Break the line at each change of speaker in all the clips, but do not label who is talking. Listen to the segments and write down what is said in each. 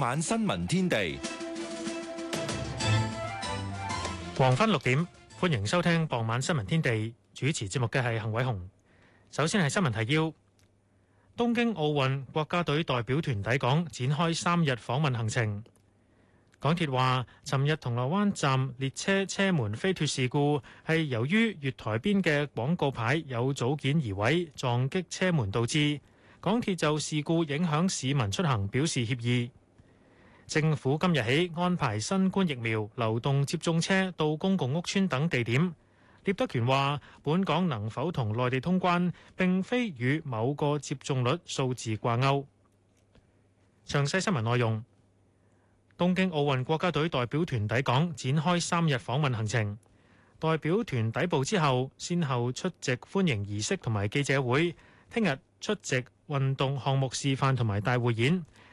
晚
新聞天地，黃昏六點，歡迎收聽傍晚新聞天地。主持節目嘅係幸偉雄。首先係新聞提要：東京奧運國家隊代表團抵港，展開三日訪問行程。港鐵話，尋日銅鑼灣站列車車門飛脫事故係由於月台邊嘅廣告牌有組件移位，撞擊車門導致。港鐵就事故影響市民出行表示歉意。政府今日起安排新冠疫苗流動接種車到公共屋邨等地點。聶德權話，本港能否同內地通關，並非與某個接種率數字掛鈎。詳細新聞內容。東京奧運國家隊代表團抵港，展開三日訪問行程。代表團抵埗之後，先後出席歡迎儀式同埋記者會，聽日出席運動項目示範同埋大會演。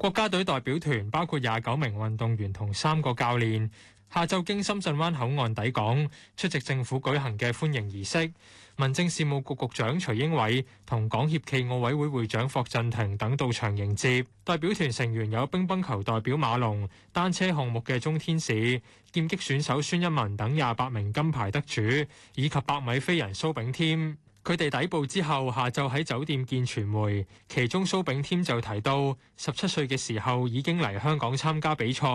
國家隊代表團包括廿九名運動員同三個教
練，下晝經深圳灣口岸抵港，出席政府舉行嘅歡迎儀式。民政事務局局長徐英偉同港協暨奧委會，會會長霍振霆等到場迎接。代表團成員有乒乓球代表馬龍、單車項目嘅鍾天使、劍擊選手孫一文等廿八名金牌得主，以及百米飛人蘇炳添。佢哋抵埗之後，下晝喺酒店見傳媒，其中蘇炳添就提到，十七歲嘅時候已經嚟香港參加比賽，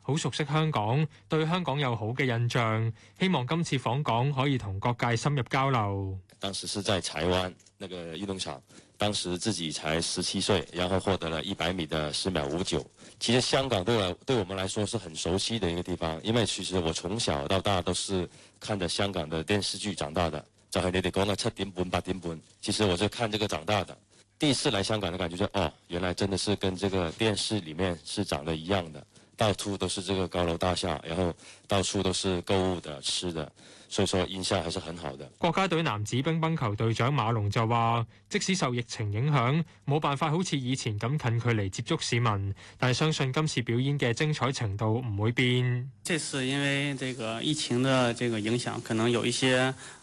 好熟悉香港，對香港有好嘅印象，希望今次訪港可以同各界深入交流。
當時是在台灣那個運動場，當時自己才十七歲，然後獲得了一百米的十秒五九。其實香港對我對我們來說是很熟悉的一個地方，因為其實我從小到大都是看着香港的電視劇長大的。就係你哋講啦，七點半、八點半。其實我是看這個長大的，第一次嚟香港嘅感覺就係、是，哦，原來真的是跟這個電視裡面是長得一樣嘅，到處都是這個高樓大廈，然後到處都是購物的、吃的，所以說印象還是很好的。
國家隊男子乒乓球隊長馬龍就話：即使受疫情影響，冇辦法好似以前咁近距離接觸市民，但係相信今次表演嘅精彩程度唔會變。
這次因為這個疫情的這個影響，可能有一些。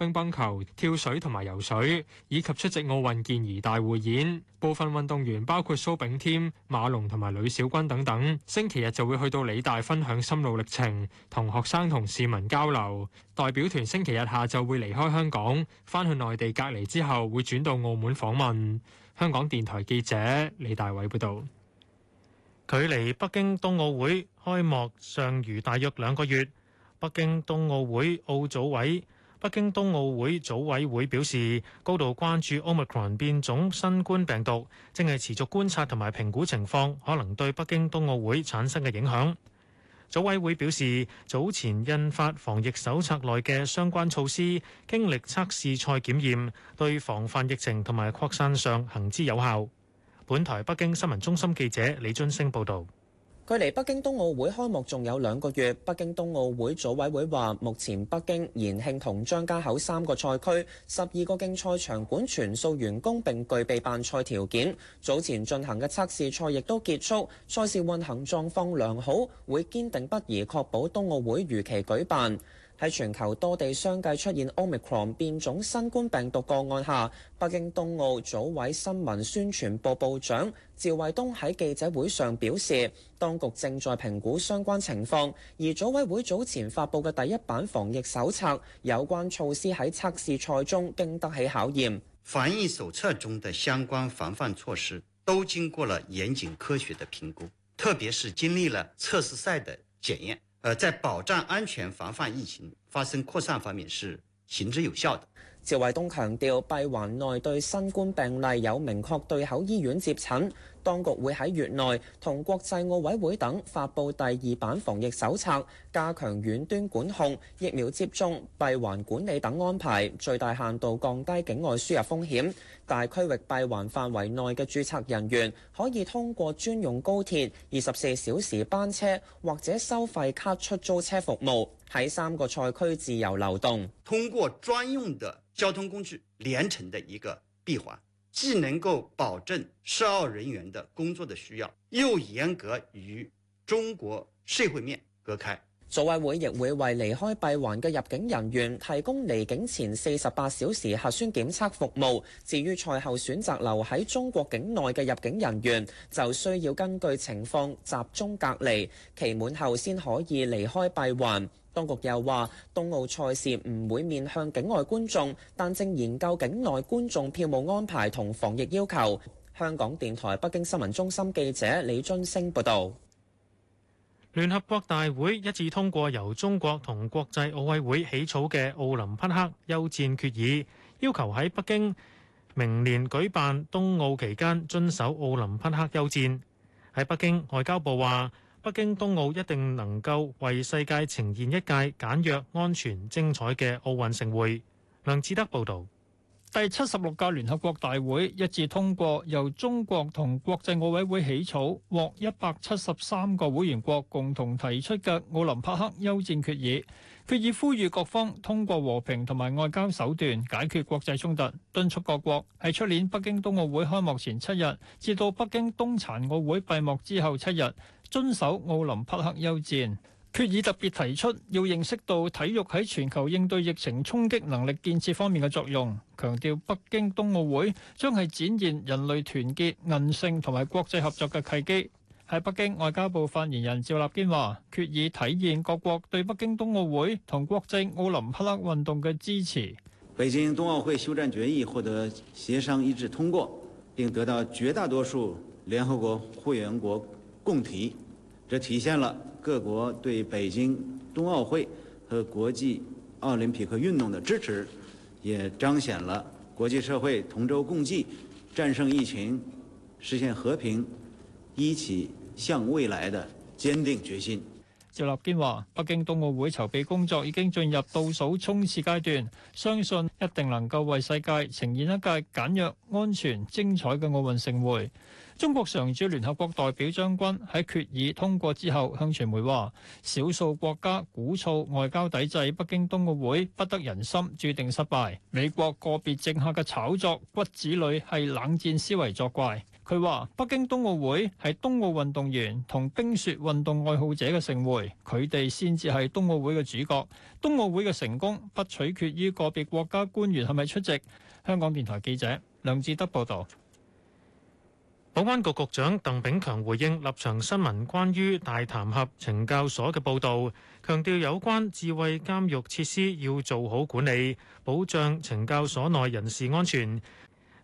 乒乓球、跳水同埋游水，以及出席奧運健兒大會演。部分運動員包括蘇炳添、馬龍同埋呂小軍等等，星期日就會去到理大分享心路歷程，同學生同市民交流。代表團星期日下晝會離開香港，翻去內地隔離之後，會轉
到澳門訪問。香港電台記者李大偉報道。距離北京冬奧會開幕尚餘大約兩個月，北京冬奧會奧組委。北京冬奧會組委會表示，高度關注 omicron 變種新冠病毒，正係持續觀察同埋評估情況可能對北京冬奧會產生嘅影響，組委會表示，早前印發防疫手冊內嘅相關措施，經歷測試賽檢驗對防範疫情同埋擴散上行之有效。本台北京新聞中心記者李津升報道。
距離北京冬奧會開幕仲有兩個月，北京冬奧會組委會話，目前北京延慶同張家口三個賽區十二個競賽場館全數完工並具備辦賽條件，早前進行嘅測試賽亦都結束，賽事運行狀況良好，會堅定不移確保冬奧會如期舉辦。喺全球多地相繼出現 Omicron 變種新冠病毒個案下，北京冬奧組委新聞宣傳部部長趙衛東喺記者會上表示，當局正在評估相關情況。而組委會早前發布嘅第一版防疫手冊，有關措施喺測試賽中經得起考驗。防疫手冊中的相關防範措施都經過了嚴謹科學的評估，特別是經歷了測試賽的檢驗。呃，在保障安全、防範疫情發生擴散方面是行之有效的。趙衛東強調，閉環內對新冠病例有明確對口醫院接診。當局會喺月內同國際奧委會等發布第二版防疫手冊，加強遠端管控、疫苗接種、閉環管理等安排，最大限度降低境外輸入風險。大區域閉環範圍內嘅註冊人員，可以通過專用高鐵、二十四小時班車或者收費卡出租車服務，喺三個賽區自由流動。通過專用的交通工具連成的一個閉環。既能夠保證涉奧人員的工作的需要，又嚴
格與中國社會面隔開。
組委會亦會為離開閉環嘅入境人員提供離境前四十八小時核酸檢測服務。至於賽後選擇留喺中國境內嘅入境人員，就需要根據情況集中隔離，期滿後先可以離開閉環。當局又話，冬奧賽事唔會面向境外觀眾，但正研究境內觀眾票務安排同防疫要求。香港電台北京新聞中心記者李津星報
道。聯合國大會一致通過由中國同國際奧委會起草嘅《奧林匹克休戰決議》，要求喺北京明年舉辦冬奧期間遵守奧林匹克休戰。喺北京外交部話。北京冬奧一定能夠為世界呈現一屆簡約、
安全、精彩嘅奧運盛會。梁志德報導。第七十六屆聯合國大會一致通過由中國同國際奧委會起草、獲一百七十三個會員國共同提出嘅奧林匹克休戰決議，決議呼籲各方通過和平同埋外交手段解決國際衝突，敦促各國喺出年北京冬奧會開幕前七日至到北京冬殘奧會閉幕之後七日遵守奧林匹克休戰。決議特別提出要認識到體育喺全球應對疫情衝擊能力建設方面嘅作用，強調北京冬奧會將係展現人類團結、韌性同埋國際合作嘅契機。喺北京外交部發言人趙立堅話：決議體現各國對北京冬奧會同國際奧林匹克運動嘅支持。
北京冬奧會休戰決議獲得協商一致通過，並得到絕大多數聯合國會員國共提，這體現了各國對北京冬奧會和國際奧林匹克運動的支持，也彰顯了國際社會同舟共濟、戰勝疫情、實現和平、一起向
未來的堅定決心。趙立堅話，北京冬奧會籌備工作已經進入倒數衝刺階段，相信一定能夠為世界呈現一屆簡約、安全、精彩嘅奧運盛會。中國常駐聯合國代表張軍喺決議通過之後向傳，向傳媒話：少數國家鼓噪外交抵制北京冬奧會，不得人心，注定失敗。美國個別政客嘅炒作，骨子裏係冷戰思維作怪。佢話：北京冬奧會係冬奧運動員同冰雪運動愛好者嘅盛會，佢哋先至係冬奧會嘅主角。冬奧會嘅成功不取決於個別國家官員係咪出席。香港電台記者梁志德報道。保安局局長鄧炳強回應立場新
聞關於大潭峽懲教所嘅報道，強調有關智慧監獄設施要做好管理，保障懲教所內人士安全。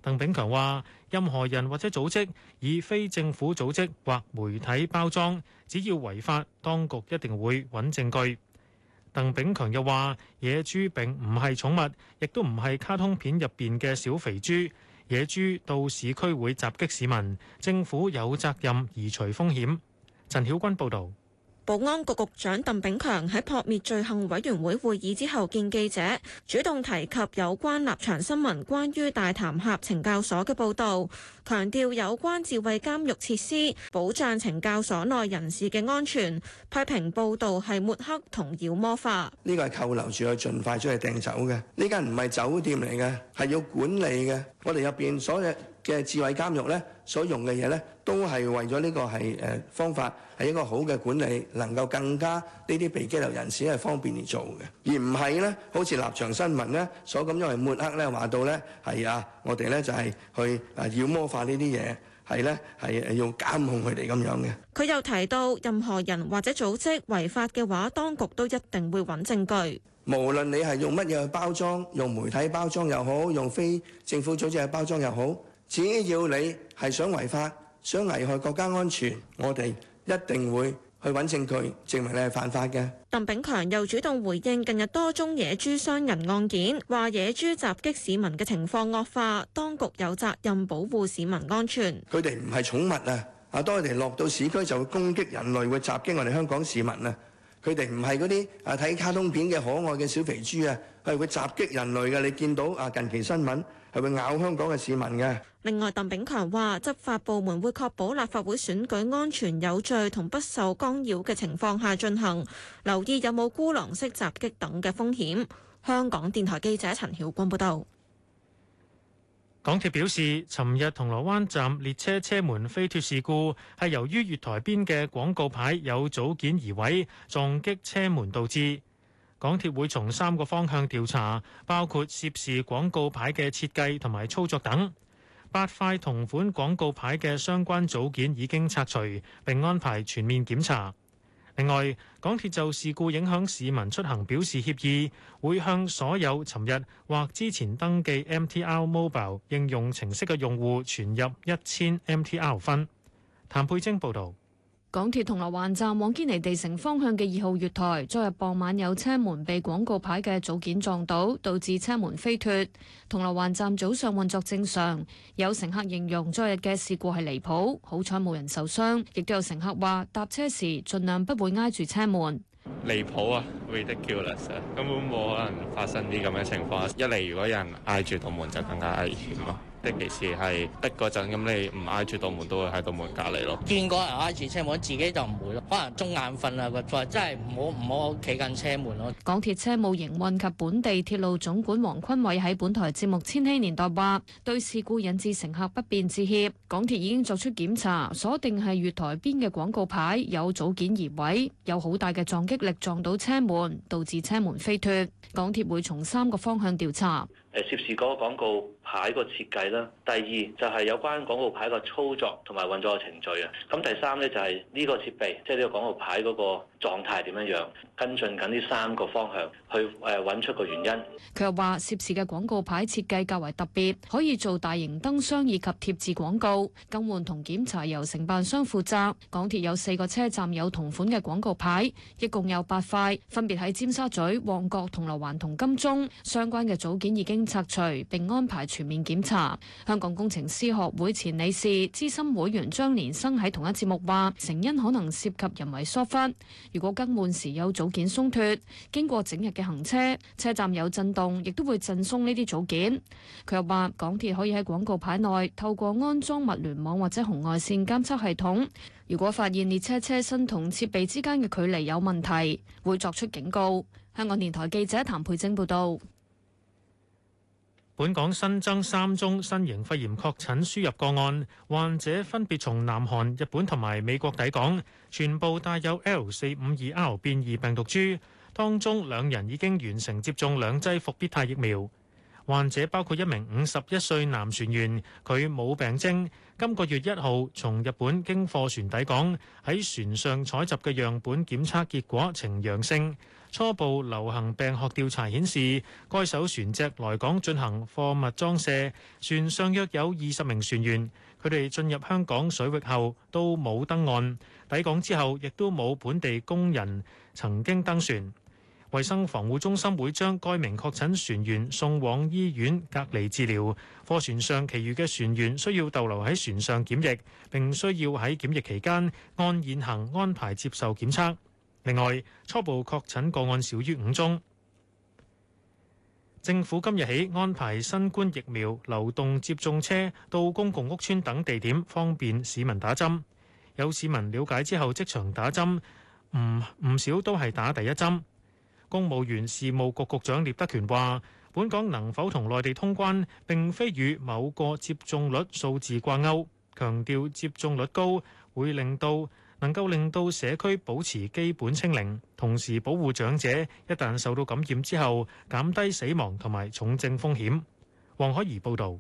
鄧炳強話：任何人或者組織以非政府組織或媒體包裝，只要違法，當局一定會揾證據。鄧炳強又話：野豬並唔係寵物，亦都唔係卡通片入邊嘅小肥豬。野豬到市區會襲擊市民，政府有責任移除風險。陳曉君報導。
保安局局長鄧炳強喺撲滅罪行委員會會議之後見記者，主動提及有關立場新聞關於大潭峽懲教所嘅報道，強調有關智慧監獄設施保障懲教所內人士嘅安全，批評報道係抹黑同妖魔化。
呢個係扣留住去盡快出去掟走嘅，呢間唔係酒店嚟嘅，係要管理嘅。我哋入邊所有嘅智慧監獄咧，所用嘅嘢咧，都係為咗呢個係誒方法係一個好嘅管理，能夠更加呢啲被拘留人士係方便而做嘅，而唔係咧，好似立場新聞咧所咁樣嚟抹黑咧話到咧係啊，我哋咧就係去啊妖魔化呢啲嘢，係咧係要監控佢哋咁樣嘅。佢
又提到，任何人或者組織違法嘅話，當局都一定會揾證據。
無論你係用乜嘢去包裝，用媒體包裝又好，用非政府組織去包裝又好。只要你係想違法、想危害國家安全，我哋一定會去揾證據證明你係犯法嘅。
鄧炳強又主動回應近日多宗野豬傷人案件，話野豬襲擊市民嘅情況惡化，當局有責任保護市民安全。
佢哋唔係寵物啊！啊，當佢哋落到市區就會攻擊人類，會襲擊我哋香港市民啊！佢哋唔係嗰啲啊睇卡通片嘅可愛嘅小肥豬啊，係會襲擊人類嘅。你見到啊近期新聞。係咪咬香港嘅市民
嘅？另外，鄧炳強話，執法部門會確保立法會選舉安全有序同不受干擾嘅情況下進行，留意有冇孤狼式襲擊等嘅風險。香港電台記者陳曉光報道。
港鐵表示，尋日銅鑼灣站列車車門飛脱事故係由於月台邊嘅廣告牌有組件移位，撞擊車門導致。港鐵會從三個方向調查，包括涉事廣告牌嘅設計同埋操作等。八塊同款廣告牌嘅相關組件已經拆除，並安排全面檢查。另外，港鐵就事故影響市民出行表示歉意，會向所有尋日或之前登記 MTR Mobile 應用程式嘅用戶存入一千 MTR 分。譚佩晶報導。
港鐵銅鑼灣站往堅尼地城方向嘅二號月台，昨日傍晚有車門被廣告牌嘅組件撞到，導致車門飛脫。銅鑼灣站早上運作正常，有乘客形容昨日嘅事故係離譜，好彩冇人受傷，亦都有乘客話搭車時盡量不會挨住車門。
離譜啊，ridiculous 啊，根
本冇可能發生啲咁嘅情況。一嚟如果有人挨住道門就更加危險囉。尤其是係逼嗰陣，咁、那個、你唔挨住道門都會喺道門隔離咯。
見過人挨住車門，自己就唔會咯。可能中眼瞓啊，或真係唔好唔好企近車門咯。港鐵車務
營運及本地鐵路總管黃坤偉喺本台節目《千禧年代》話，對事故引致乘客不便致歉。港鐵已經作出檢查，鎖定係月台邊嘅廣告牌有組件移位，有好大嘅撞擊力撞到車門，導致車門飛脫。港鐵會從三個方向調查。
涉事嗰個廣告牌個設計啦，第二就係有關廣告牌個操作同埋運作程序啊，咁第三呢，就係呢個設備，即係呢個廣告牌嗰個狀態點樣樣，跟進緊呢三個方向去誒揾出個原因。
佢又話涉事嘅廣告牌設計較為特別，可以做大型燈箱以及貼字廣告，更換同檢查由承辦商負責。港鐵有四個車站有同款嘅廣告牌，一共有八塊，分別喺尖沙咀、旺角、銅鑼灣同金鐘。相關嘅組件已經拆除並安排全面檢查。香港工程師學會前理事、資深會員張連生喺同一節目話：成因可能涉及人為疏忽。如果更換時有組件鬆脱，經過整日嘅行車，車站有震動，亦都會震鬆呢啲組件。佢又話：港鐵可以喺廣告牌內透過安裝物聯網或者紅外線監測系統，如果發現列車車身同設備之間嘅距離有問題，會作出警告。香港電台記者譚佩晶報道。
本港新增三宗新型肺炎確診輸入個案，患者分別從南韓、日本同埋美國抵港，全部帶有 L 四五二 R 變異病毒株，當中兩人已經完成接種兩劑復必泰疫苗。患者包括一名五十一歲男船員，佢冇病徵，今個月一號從日本經貨船抵港，喺船上採集嘅樣本檢測結果呈陽性。初步流行病學調查顯示，該艘船隻來港進行貨物裝卸，船上約有二十名船員，佢哋進入香港水域後都冇登岸。抵港之後，亦都冇本地工人曾經登船。衛生防護中心會將該名確診船員送往醫院隔離治療。貨船上其餘嘅船員需要逗留喺船上檢疫，並需要喺檢疫期間按現行安排接受檢測。另外，初步確診個案少於五宗。政府今日起安排新冠疫苗流動接種車到公共屋邨等地點，方便市民打針。有市民了解之後即場打針，唔唔少都係打第一針。公務員事務局局長聶德權話，本港能否同內地通關，並非與某個接種率數字掛鈎。強調接種率高會令到能夠令到社區保持基本清零，同時保護長者，一旦受到感染之後，減低死亡同埋重症風險。黃海怡報道。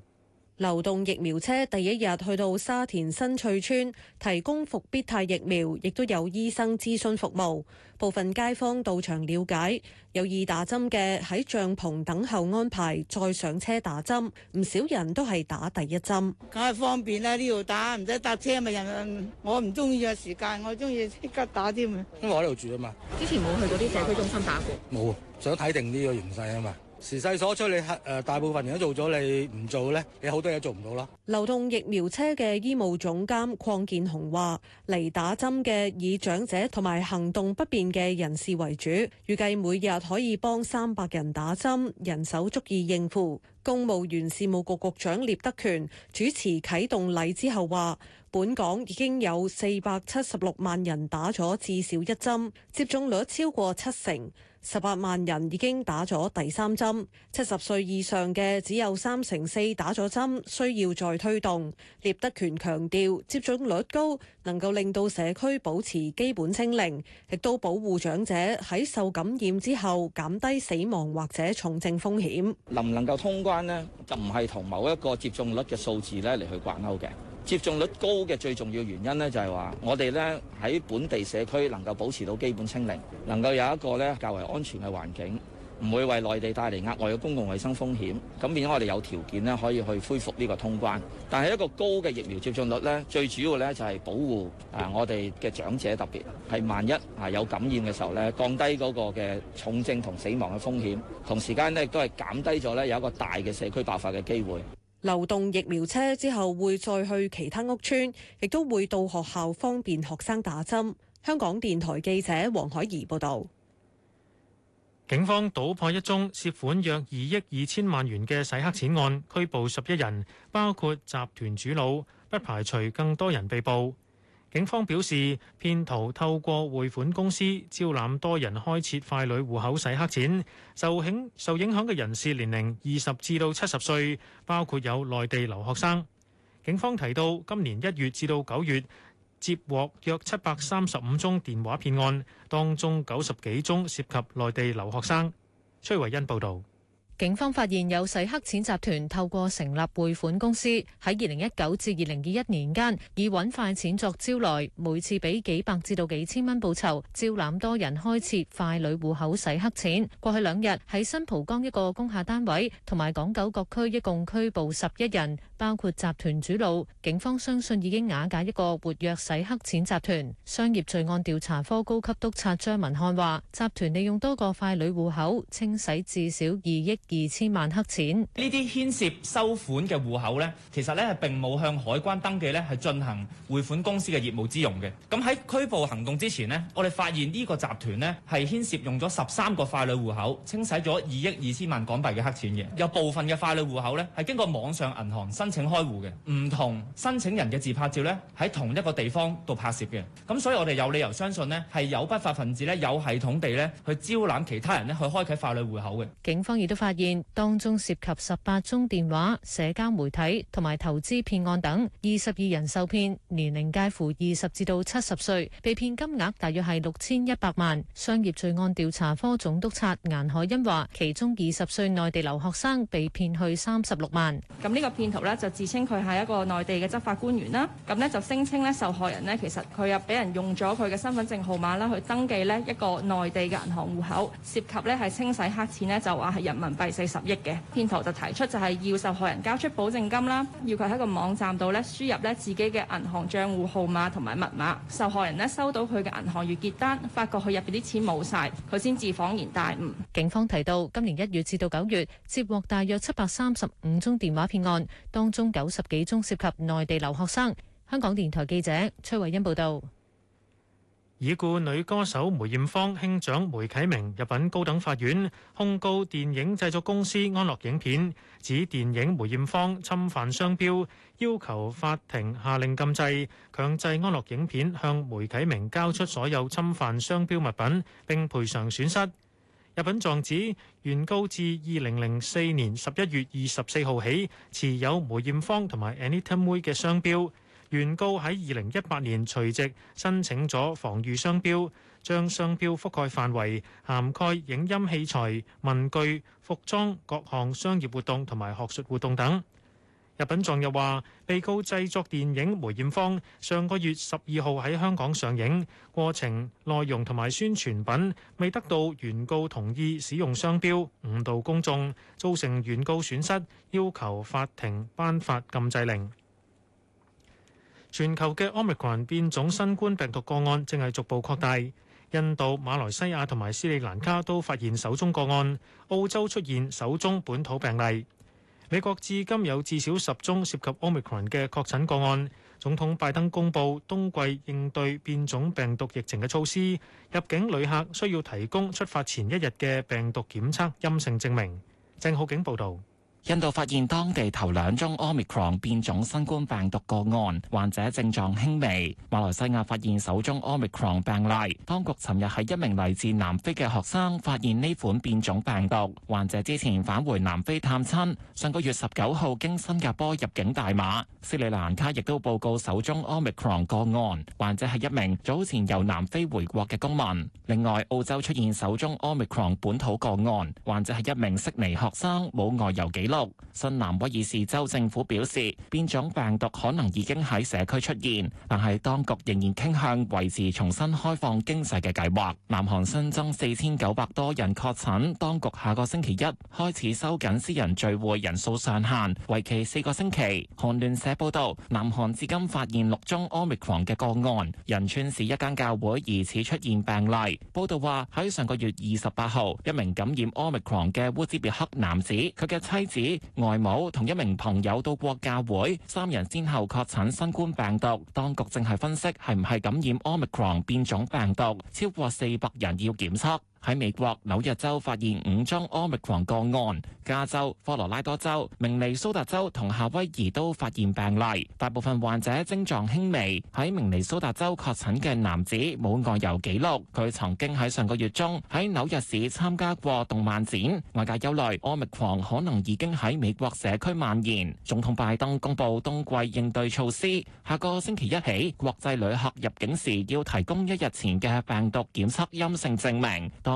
流動疫苗車第一日去到沙田新翠村，提供復必泰疫苗，亦都有醫生諮詢服務。部分街坊到場了解，有意打針嘅喺帳篷等候安排，再上車打針。唔少人都係打第一針，
梗係方便啦！呢度打唔使搭車，咪人我唔中意啊時間，我中意即刻打添
啊！
因為我喺度住啊嘛，
之前冇去到啲社區中心打過，
冇想睇定呢個形勢啊嘛。時勢所趨，你係大部分人都做咗，你唔做呢，你好多嘢做唔到啦。
流動疫苗車嘅醫務總監鄺建雄話：，嚟打針嘅以長者同埋行動不便嘅人士為主，預計每日可以幫三百人打針，人手足以應付。公務員事務局局長聶德權主持啟動禮之後話：，本港已經有四百七十六萬人打咗至少一針，接種率超過七成。十八萬人已經打咗第三針，七十歲以上嘅只有三成四打咗針，需要再推動。聶德權強調，接種率高能夠令到社區保持基本清零，亦都保護長者喺受感染之後減低死亡或者重症風險。
能唔能夠通關呢？就唔係同某一個接種率嘅數字呢嚟去掛鈎嘅。接種率高嘅最重要原因咧，就係話我哋咧喺本地社區能夠保持到基本清零，能夠有一個咧較為安全嘅環境，唔會為內地帶嚟額外嘅公共衛生風險，咁變咗我哋有條件咧可以去恢復呢個通關。但係一個高嘅疫苗接種率咧，最主要咧就係保護啊我哋嘅長者，特別係萬一啊有感染嘅時候咧，降低嗰個嘅重症同死亡嘅風險，同時間咧亦都係減低咗咧有一個大嘅社區爆發嘅機會。
流動疫苗車之後會再去其他屋邨，亦都會到學校方便學生打針。香港電台記者黃海怡報道。
警方搗破一宗涉款約二億二千萬元嘅洗黑錢案，拘捕十一人，包括集團主腦，不排除更多人被捕。警方表示，騙徒透過匯款公司招攬多人開設傀儡戶口洗黑錢受，受影受影響嘅人士年齡二十至到七十歲，包括有內地留學生。警方提到，今年一月至到九月接獲約七百三十五宗電話騙案，當中九十幾宗涉及內地留學生。崔維恩報道。
警方發現有洗黑錢集團透過成立匯款公司，喺二零一九至二零二一年間，以揾快錢作招來，每次俾幾百至到幾千蚊報酬，招攬多人開設快女戶口洗黑錢。過去兩日喺新蒲崗一個工廈單位同埋港九各區一共拘捕十一人，包括集團主腦。警方相信已經瓦解一個活躍洗黑錢集團。商業罪案調查科高級督察張文漢話：集團利用多個快女戶口清洗至少二億二千萬黑錢，
呢啲牽涉收款嘅戶口呢，其實呢係並冇向海關登記呢係進行匯款公司嘅業務之用嘅。咁喺拘捕行動之前呢，我哋發現呢個集團呢，係牽涉用咗十三個傀儡戶口，清洗咗二億二千萬港幣嘅黑錢嘅。有部分嘅傀儡戶口呢，係經過網上銀行申請開戶嘅，唔同申請人嘅自拍照呢，喺同一個地方度拍攝嘅。咁所以我哋有理由相信呢，係有不法分子呢，有系統地呢，去招攬其他人呢，去開啓傀儡戶口嘅。
警方亦都發現現當中涉及十八宗電話、社交媒體同埋投資騙案等，二十二人受騙，年齡介乎二十至到七十歲，被騙金額大約係六千一百萬。商業罪案調查科總督察顏海欣話，其中二十歲內地留學生被騙去三十六萬。咁呢個騙徒呢，就自稱佢
係一個內地嘅執法官員啦，咁呢，就聲稱呢受害人呢，其實佢又俾人用咗佢嘅身份證號碼啦去登記呢一個內地嘅銀行戶口，涉及呢係清洗黑錢呢，就話係人民幣。係四十億嘅片頭就提出，就係要受害人交出保證金啦。要佢喺個網站度咧輸入咧自己嘅銀行賬戶號碼同埋密碼。受害人咧收到佢
嘅銀行月結單，發覺佢入邊啲錢冇晒，佢先至恍然大悟。警方提到，今年一月至到九月接獲大約七百三十五宗電話騙案，當中九十幾宗涉及內地留學生。香港電台記者崔慧欣報道。
已故女歌手梅艷芳兄長梅啟明入稟高等法院控告電影製作公司安樂影片，指電影《梅艷芳》侵犯商標，要求法庭下令禁制，強制安樂影片向梅啟明交出所有侵犯商標物品，並賠償損失。入稟狀指，原告自2004年11月24號起持有梅艷芳同埋 Anita Mui 嘅商標。原告喺二零一八年隨即申請咗防禦商標，將商標覆蓋範圍涵蓋影音器材、文具、服裝各項商業活動同埋學術活動等。入稟狀又話被告製作電影《梅艷芳》，上個月十二號喺香港上映，過程內容同埋宣傳品未得到原告同意使用商標，誤導公眾，造成原告損失，要求法庭頒發禁制令。全球嘅 Omicron 變種新冠病毒個案正係逐步擴大，印度、馬來西亞同埋斯里蘭卡都發現首宗個案，澳洲出現首宗本土病例。美國至今有至少十宗涉及 Omicron 嘅確診個案。總統拜登公布冬季應對變種病毒疫情嘅措施，入境旅客需要提供出發前一日嘅病毒檢測陰性證明。鄭浩景報道。印度發現當地頭兩宗 Omicron 變
種新冠病毒個案，患者症狀輕微。馬來西亞發現首宗 Omicron 病例，當局尋日喺一名嚟自南非嘅學生發現呢款變種病毒，患者之前返回南非探親。上個月十九號經新加坡入境大馬。斯里蘭卡亦都報告首宗 Omicron 個案，患者係一名早前由南非回國嘅公民。另外，澳洲出現首宗 Omicron 本土個案，患者係一名悉尼學生，冇外遊記錄。新南威爾士州政府表示，變種病毒可能已經喺社區出現，但係當局仍然傾向維持重新開放經濟嘅計劃。南韓新增四千九百多人確診，當局下個星期一開始收緊私人聚會人數上限，為期四個星期。韓聯社報道，南韓至今發現六宗 Omicron 嘅個案，仁川市一間教會疑似出現病例。報道話，喺上個月二十八號，一名感染 Omicron 嘅烏茲別克男子，佢嘅妻子、外母同一名朋友到過教會，三人先後確診新冠病毒，當局正係分析係唔係感染 Omicron 變種病毒，超過四百人要檢測。喺美國紐約州發現五宗 Omicron 個案，加州、科羅拉多州、明尼蘇達州同夏威夷都發現病例。大部分患者症狀輕微。喺明尼蘇達州確診嘅男子冇外遊記錄，佢曾經喺上個月中喺紐約市參加過動漫展。外界憂慮 Omicron 可能已經喺美國社區蔓延。總統拜登公布冬季應對措施，下個星期一起，國際旅客入境時要提供一日前嘅病毒檢測陰性證明。當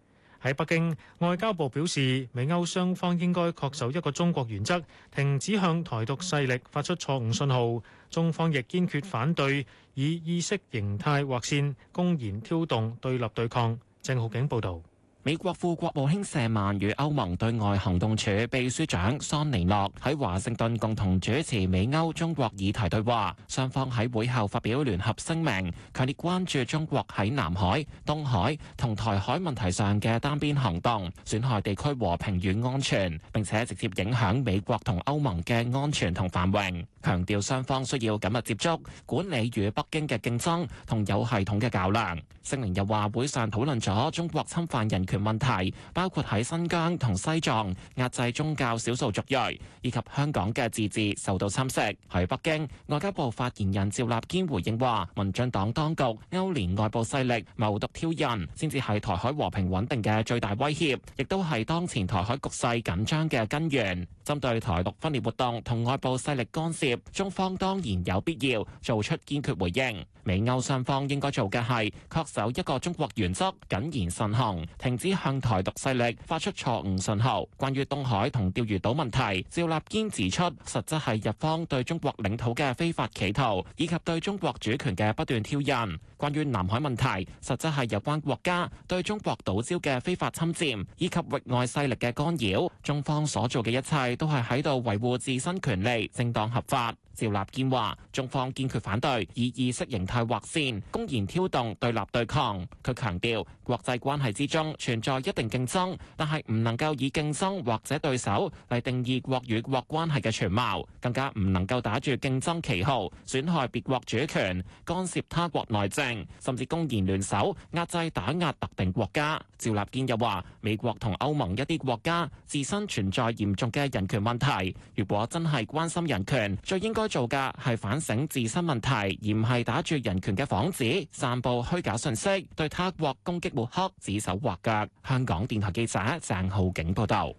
喺北京，外交部表示，美歐雙方應該恪守一個中國原則，停止向台獨勢力發出錯誤信號。中方亦堅決反對以意識形態劃線，公然挑動對立對抗。鄭浩景報道。美國副
國務卿謝曼與歐盟對外行動處秘書長桑尼諾喺華盛頓共同主持美歐中國議題對話，雙方喺會後發表聯合聲明，強烈關注中國喺南海、東海同台海問題上嘅單邊行動，損害地區和平與安全，並且直接影響美國同歐盟嘅安全同繁榮。強調雙方需要緊密接觸，管理與北京嘅競爭同有系統嘅較量。聲明又話，會上討論咗中國侵犯人問題包括喺新疆同西藏壓制宗教少數族裔，以及香港嘅自治受到侵蝕。喺北京，外交部發言人趙立堅回應話：民進黨當局、勾連外部勢力謀獨挑釁，先至係台海和平穩定嘅最大威脅，亦都係當前台海局勢緊張嘅根源。針對台獨分裂活動同外部勢力干涉，中方當然有必要做出堅決回應。美歐雙方應該做嘅係恪守一個中國原則，謹言慎行，聽。只向台獨勢力發出錯誤信號。關於東海同釣魚島問題，趙立堅指出，實質係日方對中國領土嘅非法企圖，以及對中國主權嘅不斷挑釁。關於南海問題，實質係有關國家對中國島礁嘅非法侵佔，以及域外勢力嘅干擾。中方所做嘅一切都係喺度維護自身權利，正當合法。趙立堅話：中方堅決反對以意識形態劃線、公然挑動對立對抗。佢強調，國際關係之中存在一定競爭，但係唔能夠以競爭或者對手嚟定義國與國關係嘅全貌，更加唔能夠打住競爭旗號損害別國主權、干涉他國內政，甚至公然聯手壓制打壓特定國家。趙立堅又話：美國同歐盟一啲國家自身存在嚴重嘅人權問題，如果真係關心人權，最應該該做嘅係反省自身問題，而唔係打住人權嘅幌子，散布虛假信息，對他國攻擊抹黑，指手畫腳。香港電台
記者鄭浩景報道。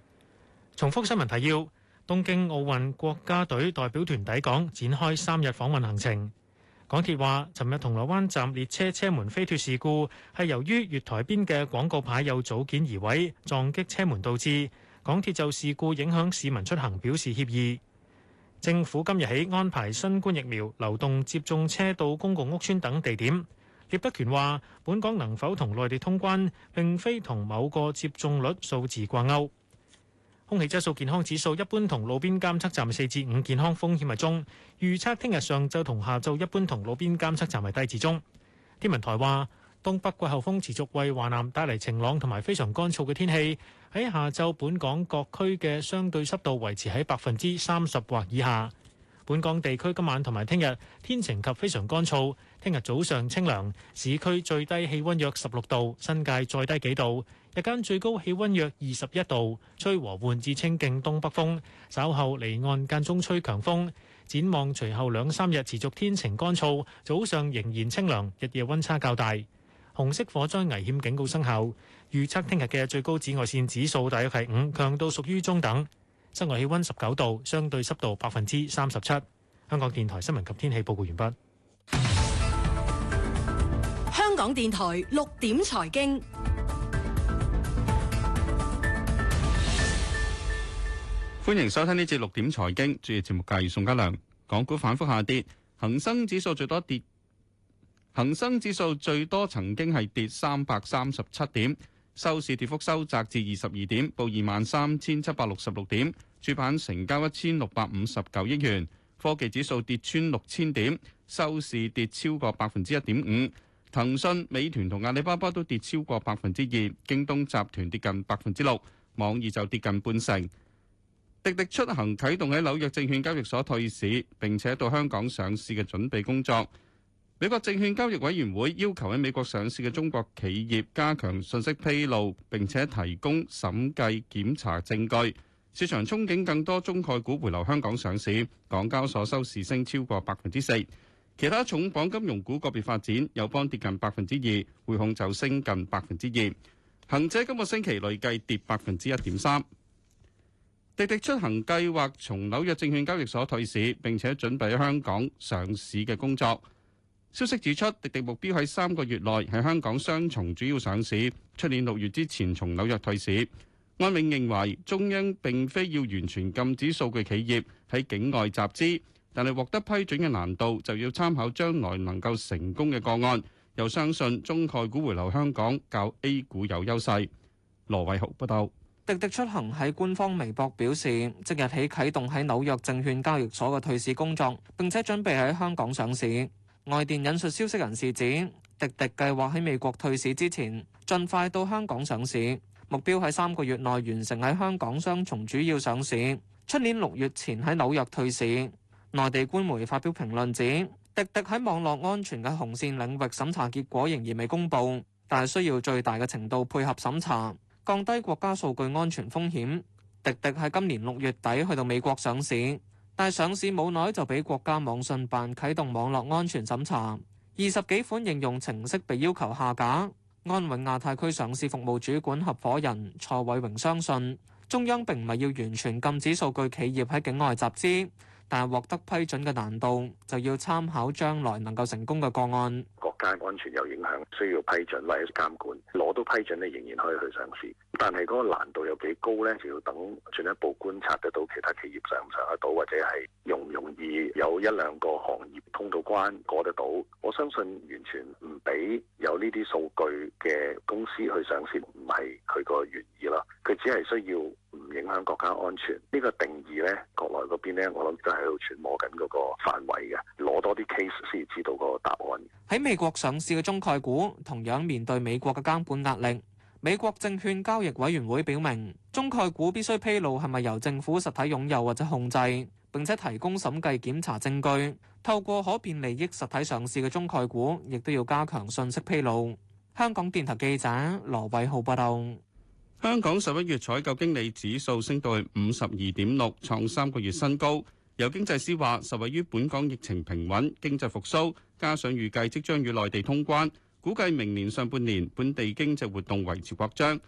重複新聞提要：東京奧運國家隊代表團抵港，展開三日訪問行程。港鐵話，尋日銅鑼灣站列車車門飛脱事故係由於月台邊嘅廣告牌有組件移位，撞擊車門導致。港鐵就事故影響市民出行表示歉意。政府今日起安排新冠疫苗流動接種車到公共屋邨等地點。聶德權話，本港能否同內地通關，並非同某個接種率數字掛鈎。空氣質素健康指數一般同路邊監測站四至五，健康風險為中。預測聽日上晝同下晝一般同路邊監測站為低至中。天文台話。東北季候風持續為華南帶嚟晴朗同埋非常乾燥嘅天氣。喺下晝，本港各區嘅相對濕度維持喺百分之三十或以下。本港地區今晚同埋聽日天晴及非常乾燥。聽日早上清涼，市區最低氣温約十六度，新界再低幾度。日間最高氣温約二十一度，吹和緩至清勁東北風。稍後離岸間中吹強風。展望隨後兩三日持續天晴乾燥，早上仍然清涼，日夜温差較大。紅色火災危險警告生效，預測聽日嘅最高紫外線指數大約係五，強度屬於中等。室外氣温十九度，相對濕度百分之三十七。香港電台新聞及天氣報告完畢。
香港電台六點財經，
歡迎收聽呢節六點財經，主持節目嘅係宋家良。港股反覆下跌，恒生指數最多跌。恒生指數最多曾經係跌三百三十七點，收市跌幅收窄至二十二點，報二萬三千七百六十六點，主板成交一千六百五十九億元。科技指數跌穿六千點，收市跌超過百分之一點五。騰訊、美團同阿里巴巴都跌超過百分之二，京東集團跌近百分之六，網易就跌近半成。滴滴出行啟動喺紐約證券交易所退市，並且到香港上市嘅準備工作。美國證券交易委員會要求喺美國上市嘅中國企業加強信息披露，並且提供審計檢查證據。市場憧憬更多中概股回流香港上市，港交所收市升超過百分之四。其他重磅金融股個別發展，友邦跌近百分之二，匯控就升近百分之二。恒指今個星期累計跌百分之一點三。滴滴出行計劃從紐約證券交易所退市，並且準備喺香港上市嘅工作。消息指出，滴滴目標喺三個月內喺香港雙重主要上市，出年六月之前從紐約退市。安永認為中央並非要完全禁止數據企業喺境外集資，但係獲得批准嘅難度就要參考將來能夠成功嘅個案。又相信中概股回流香港較 A 股有優勢。羅偉豪
報道，滴滴出行喺官方微博表示，即日起啟動喺紐約證券交易所嘅退市工作，並且準備喺香港上市。外電引述消息人士指，滴滴計劃喺美國退市之前，盡快到香港上市，目標喺三個月內完成喺香港雙重主要上市，出年六月前喺紐約退市。內地官媒發表評論指，滴滴喺網絡安全嘅紅線領域審查結果仍然未公布，但係需要最大嘅程度配合審查，降低國家數據安全風險，滴滴喺今年六月底去到美國上市。但上市冇耐就俾國家網信辦啟動網絡安全審查，二十幾款應用程式被要求下架。安永亞太區上市服務主管合伙人蔡偉榮相信，中央並唔係要完全禁止數據企業喺境外集資，但係獲得批准嘅難度就要參考將來能夠成功嘅個案。加
安全有影響，需要批准或者監管，攞到批准咧，仍然可以去上市。但係嗰個難度有幾高咧，就要等進一步觀察得到其他企業上唔上得到，或者係容唔容易有一兩個行業通道關過得到。我相信完全唔俾有呢啲數據嘅公司去上市，唔係佢個原意啦，佢只係需要。影響國家安全呢個定義呢，國內嗰邊咧，我諗都喺度揣摩緊嗰個範圍嘅，攞多啲 case 先知道個答案。
喺美國上市嘅中概股同樣面對美國嘅監管壓力，美國證券交易委員會表明，中概股必須披露係咪由政府實體擁有或者控制，並且提供審計檢查證據。透過可變利益實體上市嘅中概股，亦都要加強信息披露。香港電台記者羅偉浩報道。
香港十一月採購經理指數升到五十二點六，創三個月新高。有經濟師話，受惠於本港疫情平穩、經濟復甦，加上預計即將與內地通關，估計明年上半年本地經濟活動維持擴張。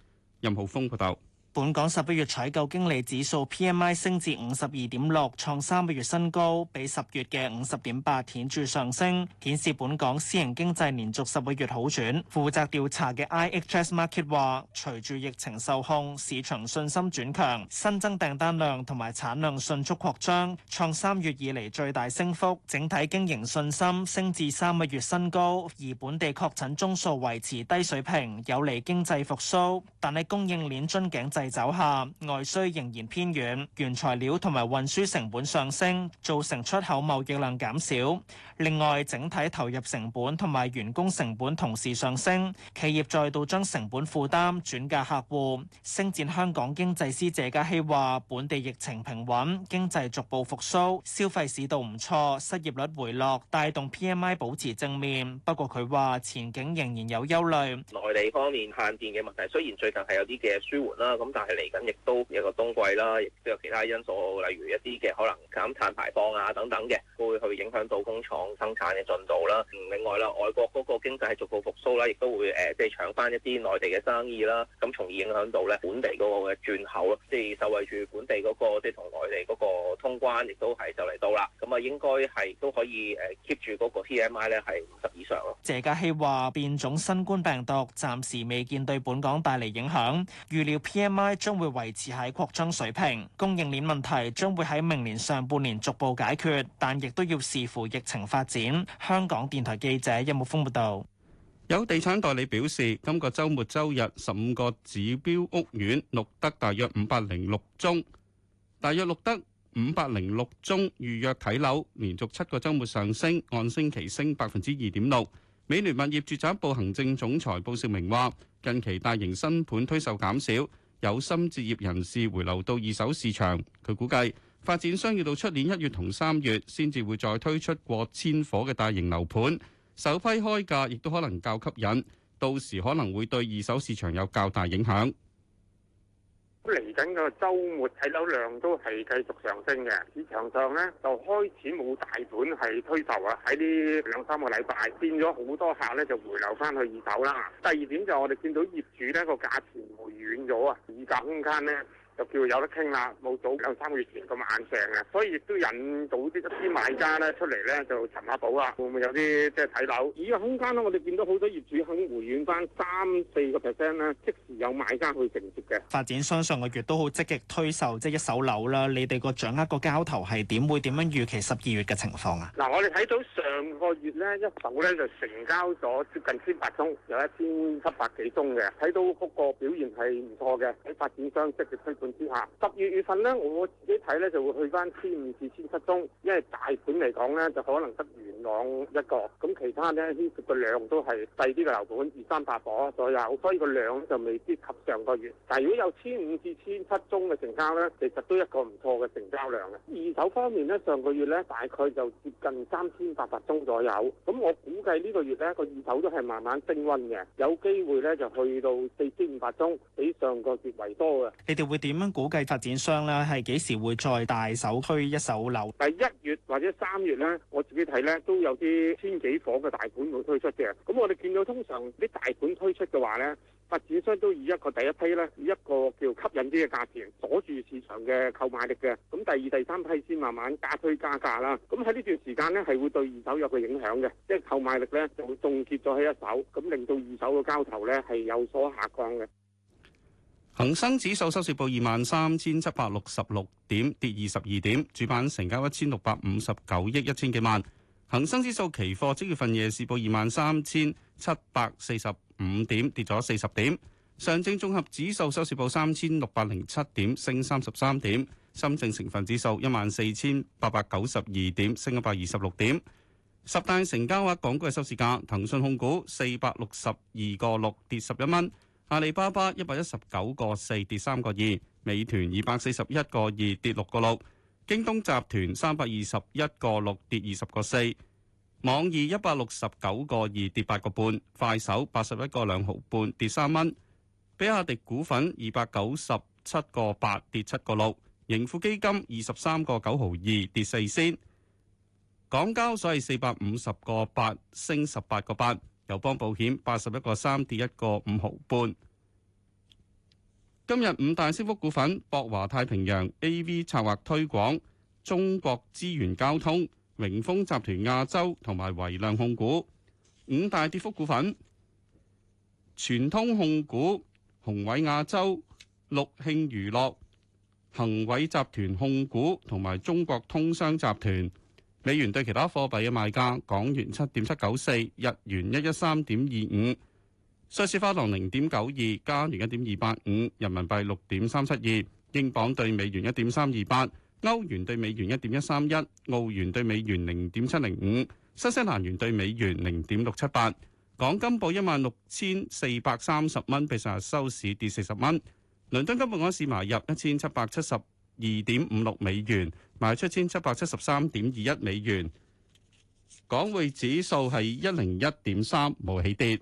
任浩峰報道。本港十一月採購經理指數 P.M.I 升至五十二點六，創三個月
新高，比十月嘅五十點八顯著上升，顯示本港私營經濟連續十個月好轉。負責調查嘅 IHS Markit 話，隨住疫情受控，市場信心轉強，新增訂單量同埋產量迅速擴張，創三月以嚟最大升幅。整體經營信心升至三個月新高，而本地確診宗數維持低水平，有利經濟復甦。但係供應鏈樽頸制走下，外需仍然偏軟，原材料同埋運輸成本上升，造成出口貿易量減少。另外，整體投入成本同埋員工成本同時上升，企業再度將成本負擔轉嫁客戶。星展香港經濟師謝家希話：本地疫情平穩，經濟逐步復甦，消費市道唔錯，失業率回落，帶動 P M I 保持正面。不過佢話前景仍然有憂慮。內地方面限電嘅問題，雖然最近係有啲嘅舒緩啦，咁。但係嚟緊亦都有個冬季啦，亦都有其他因素，例如一啲嘅可能減碳排放啊等等嘅，都會去影響到工廠生產嘅進度啦。另外啦，外國嗰個經濟係逐步復甦啦，亦都會誒即係搶翻一啲內地嘅生意啦。咁從而影響到咧本地嗰個嘅轉口，即係受惠住本地嗰個即係同外地嗰個通關，亦都係就嚟到啦。咁啊，應該係都可以誒 keep 住嗰個 PMI 咧係五十以上咯。謝嘉希話：變種新冠病毒暫時未見對本港帶嚟影響，預料 PMI，將會維持喺擴張水平，供應鏈問題將會喺明年上半年逐步解決，但亦都要視乎疫情發展。香港電台記者任木峰報道。
有地產代理表示，今個周末周日十五個指標屋苑錄得大約五百零六宗，大約錄得五百零六宗預約睇樓，連續七個周末上升，按星期升百分之二點六。美聯物業住宅部行政總裁布少明話，近期大型新盤推售減少。有心置業人士回流到二手市場，佢估計發展商要到出年一月同三月先至會再推出過千伙嘅大型樓盤，首批開價亦都可能較吸引，到時可能會對二手市場有較大影響。
嚟緊個週末睇樓量都係繼續上升嘅，市場上咧就開始冇大盤係推售啊，喺呢兩三個禮拜變咗好多客咧就回流翻去二手啦。第二點就係我哋見到業主咧個價錢回軟咗啊，議價空間咧。就叫有得傾啦，冇早兩三個月前咁硬性嘅，所以亦都引到啲一啲買家咧出嚟咧就尋下寶啊！會唔會有啲即係睇樓？而個空間咧，我哋見到好多業主肯回軟翻三四個 percent 咧，即時有買家去承接嘅。
發展商上個月都好積極推售即係一手樓啦。你哋個掌握個交投係點？會點樣預期十二月嘅情況啊？
嗱，我哋睇到上個月咧一手咧就成交咗接近千八宗，有一千七百幾宗嘅，睇到個個表現係唔錯嘅喺發展商積極推。之下，十二月份呢，我自己睇呢就會去翻千五至千七宗，因為大盤嚟講呢，就可能得元朗一個，咁其他呢，個量都係細啲嘅樓盤二三百宗左右，所以個量就未必及上個月。但係如果有千五至千七宗嘅成交呢，其實都一個唔錯嘅成交量嘅。二手方面呢，上個月呢大概就接近三千八百宗左右，咁我估計呢個月呢，個二手都係慢慢升溫嘅，有機會呢，就去到四千五百宗，比上個月為多
嘅。你哋會點？咁樣估計發展商咧係幾時會再大手推一手樓？第
一月或者三月咧，我自己睇咧都有啲千幾伙嘅大盤會推出嘅。咁我哋見到通常啲大盤推出嘅話咧，發展商都以一個第一批咧，以一個叫吸引啲嘅價錢鎖住市場嘅購買力嘅。咁第二、第三批先慢慢加推加價啦。咁喺呢段時間咧，係會對二手有個影響嘅，即係購買力咧就會凍結咗喺一手，咁令到二手嘅交投咧係有所下降嘅。
恒生指數收市報二萬三千七百六十六點，跌二十二點。主板成交一千六百五十九億一千幾萬。恒生指數期貨即月份夜市報二萬三千七百四十五點，跌咗四十點。上證綜合指數收市報三千六百零七點，升三十三點。深證成分指數一萬四千八百九十二點，升一百二十六點。十大成交額港股嘅收市價，騰訊控股四百六十二個六，跌十一蚊。阿里巴巴一百一十九個四跌三個二，美團二百四十一個二跌六個六，京東集團三百二十一個六跌二十個四，網易一百六十九個二跌八個半，快手八十一個兩毫半跌三蚊，比亞迪股份二百九十七個八跌七個六，盈富基金二十三個九毫二跌四仙，港交所係四百五十個八升十八個八。友邦保險八十一個三跌一個五毫半。今日五大升幅股份：博華太平洋、A.V. 策劃推廣、中國資源交通、榮豐集團亞洲同埋維量控股。五大跌幅股份：全通控股、宏偉亞洲、陸慶娛樂、恒偉集團控股同埋中國通商集團。美元對其他貨幣嘅賣價，港元七點七九四，日元一一三點二五，瑞士法郎零點九二，加元一點二八五，人民幣六點三七二，英鎊對美元一點三二八，歐元對美元一點一三一，澳元對美元零點七零五，新西蘭元對美元零點六七八。港金報一萬六千四百三十蚊，比上日收市跌四十蚊。倫敦金本港市買入一千七百七十。二點五六美元，賣七千七百七十三點二一美元。港匯指數係一零一點三，冇起跌。